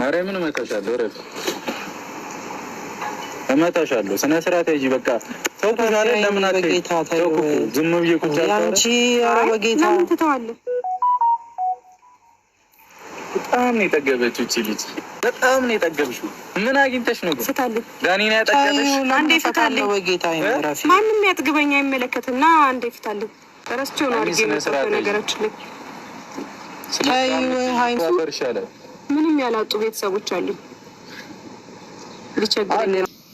ማርያምን እመታሻለሁ። ረፍ እመታሻለሁ። ስነ ስርዓት ሂጂ። በቃ ሰው ተሻለ። ለምን አትሄጂም? ተው ዝም ብዬ ቁጭ አልኩ። አንቺ ኧረ በጌታ በጣም ነው የጠገበችው እቺ ልጅ፣ በጣም ነው የጠገብሽው። ምን አግኝተሽ ነው ግን ዳኒን ያጠገበሽ? አንዴ ፍታልኝ በጌታ ይመራፊ። ማንም ያጥግበኛ አይመለከትም። ና አንዴ ፍታልኝ። ረስቼው ነው አድርጌ ነገራችን ላይ ሀይምሱ ምንም ያላጡ ቤተሰቦች አሉ።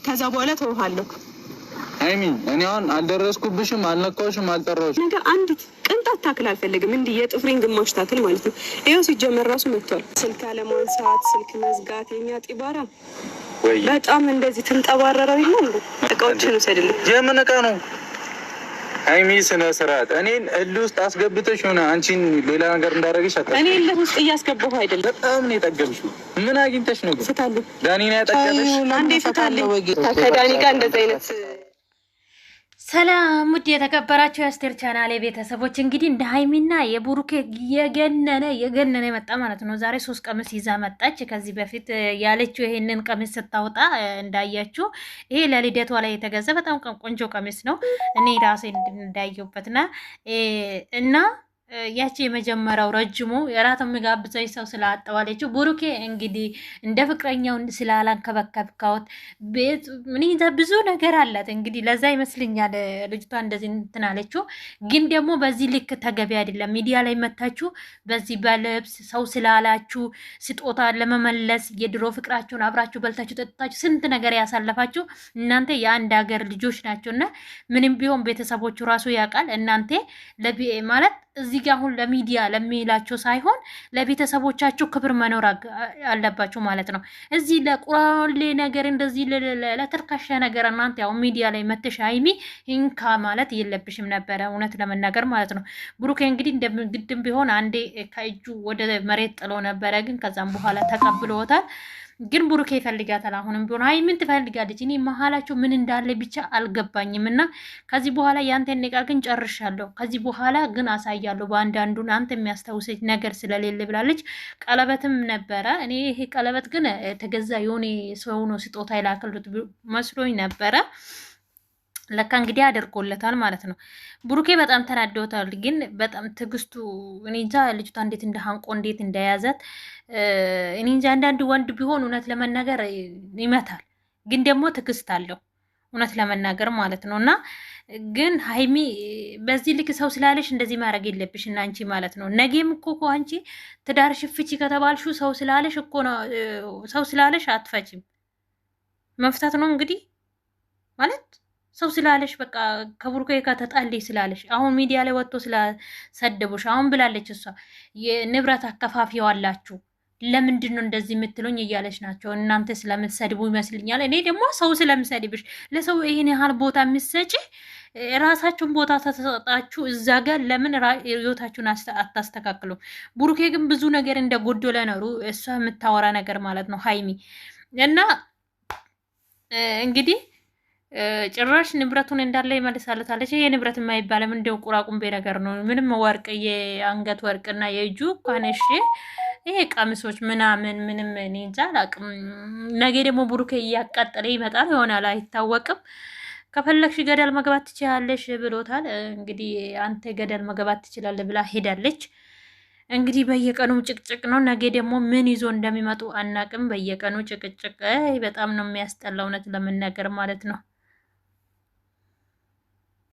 ከዛ በኋላ ተውሃለሁ። አይሚ እኔ አሁን አልደረስኩብሽም፣ አልነካሁሽም፣ አልጠራሁሽም። ነገር አንድ ቅንጣት ታክል አልፈልግም። እንዲህ የጥፍሬን ግማሽ ታክል ማለት ነው። ይኸው ሲጀመር ራሱ መጥቷል። ስልክ አለማንሳት፣ ስልክ መዝጋት፣ የኛ ጢባራ በጣም እንደዚህ ትንጠባረረው ይሆን። እቃዎችን ውሰድልኝ። የምን እቃ ነው? ሀይሚ ስነ ስርዓት እኔን እል ውስጥ አስገብተሽ ሆነ አንቺን ሌላ ነገር እንዳደረገሽ አታ እኔ እልህ ውስጥ እያስገባሁ አይደለም። በጣም ነው የጠገብሽ። ምን አግኝተሽ ነው? ግን ስታሉ ዳኒ ነው ያጠገብሽ። አንዴ ስታለኝ ከዳኒ ጋር እንደዚህ አይነት ሰላም ውድ የተከበራችሁ የአስቴር ቻናል ቤተሰቦች፣ እንግዲህ እንደ ሀይሚና የቡሩኬ የገነነ የገነነ መጣ ማለት ነው። ዛሬ ሶስት ቀሚስ ይዛ መጣች። ከዚህ በፊት ያለችው ይሄንን ቀሚስ ስታውጣ እንዳያችሁ ይሄ ለልደቷ ላይ የተገዛ በጣም ቆንጆ ቀሚስ ነው። እኔ ራሴ እንዳየሁበትና እና ያቺ የመጀመሪያው ረጅሙ የራት የሚጋብዘኝ ሰው ስላጠዋለችው ቡሩኬ እንግዲህ እንደ ፍቅረኛው ስላላንከበከብካወት ምንዛ ብዙ ነገር አላት። እንግዲህ ለዛ ይመስልኛል ልጅቷ እንደዚህ እንትን አለችው። ግን ደግሞ በዚህ ልክ ተገቢ አይደለም። ሚዲያ ላይ መታችሁ በዚህ በልብስ ሰው ስላላችሁ ስጦታ ለመመለስ የድሮ ፍቅራችሁን አብራችሁ በልታችሁ ጠጥታችሁ ስንት ነገር ያሳለፋችሁ እናንተ የአንድ ሀገር ልጆች ናቸው እና ምንም ቢሆን ቤተሰቦቹ ራሱ ያውቃል እናንተ ማለት እዚህ ጋር አሁን ለሚዲያ ለሚላቸው ሳይሆን ለቤተሰቦቻቸው ክብር መኖር አለባቸው ማለት ነው። እዚህ ለቁራሌ ነገር እንደዚህ ለተርካሻ ነገር እናንተ ያው ሚዲያ ላይ መተሽ ሀይሚ እንካ ማለት የለብሽም ነበረ እውነት ለመናገር ማለት ነው። ብሩኬ እንግዲህ እንደግድም ቢሆን አንዴ ከእጁ ወደ መሬት ጥሎ ነበረ፣ ግን ከዛም በኋላ ተቀብሎታል። ግን ቡሩኬ ይፈልጋታል። አሁንም ቢሆን አይ ምን ትፈልጋለች? እኔ መሀላቸው ምን እንዳለ ብቻ አልገባኝም። እና ከዚህ በኋላ ያንተን ንቃ ግን ጨርሻለሁ። ከዚህ በኋላ ግን አሳያለሁ በአንዳንዱን አንተ የሚያስታውሰች ነገር ስለሌለ ብላለች። ቀለበትም ነበረ። እኔ ይሄ ቀለበት ግን ተገዛ የሆነ ሰው ነው ስጦታ ይላክሉት መስሎኝ ነበረ። ለካ እንግዲህ አድርጎለታል ማለት ነው። ብሩኬ በጣም ተናደውታል። ግን በጣም ትግስቱ እኔ እንጃ ልጅቷ እንዴት እንደ ሀንቆ እንዴት እንደያዛት እኔ እንጃ። አንዳንድ ወንድ ቢሆን እውነት ለመናገር ይመታል፣ ግን ደግሞ ትግስት አለው እውነት ለመናገር ማለት ነው። እና ግን ሀይሚ በዚህ ልክ ሰው ስላለሽ እንደዚህ ማድረግ የለብሽ እና አንቺ ማለት ነው። ነገም እኮ እኮ አንቺ ትዳርሽ ፍቺ ከተባልሹ ሰው ስላለሽ እኮ ሰው ስላለሽ አትፈችም። መፍታት ነው እንግዲህ ማለት ሰው ስላለሽ በቃ ከቡርኬ ጋር ተጣሌ ስላለሽ አሁን ሚዲያ ላይ ወጥቶ ስለሰደቡሽ አሁን ብላለች እሷ የንብረት አከፋፊዋላችሁ ለምንድን ነው እንደዚህ የምትሉኝ እያለች ናቸው። እናንተ ስለምትሰድቡ ይመስልኛል። እኔ ደግሞ ሰው ስለምሰድብሽ ለሰው ይህን ያህል ቦታ የምትሰጪ ራሳችሁን ቦታ ተሰጣችሁ እዛ ጋር ለምን ህይወታችሁን አታስተካክሉም ቡሩኬ ግን ብዙ ነገር እንደ ጎዶለ ነሩ እሷ የምታወራ ነገር ማለት ነው ሀይሚ እና እንግዲህ ጭራሽ ንብረቱን እንዳለ ይመልሳለታለች። ይሄ ንብረት የማይባለም እንደው ቁራቁምቤ ነገር ነው። ምንም ወርቅ የአንገት ወርቅና የእጁ እንኳን እሺ፣ ይሄ ቀሚሶች ምናምን ምንም እኔ እንጃ አላቅም። ነገ ደግሞ ብሩኬ እያቃጠለ ይመጣል ይሆናል፣ አይታወቅም። ከፈለግሽ ገደል መግባት ትችላለሽ ብሎታል። እንግዲህ አንተ ገደል መግባት ትችላለ ብላ ሄዳለች። እንግዲህ በየቀኑ ጭቅጭቅ ነው። ነገ ደግሞ ምን ይዞ እንደሚመጡ አናቅም። በየቀኑ ጭቅጭቅ በጣም ነው የሚያስጠላ እውነት ለመናገር ማለት ነው።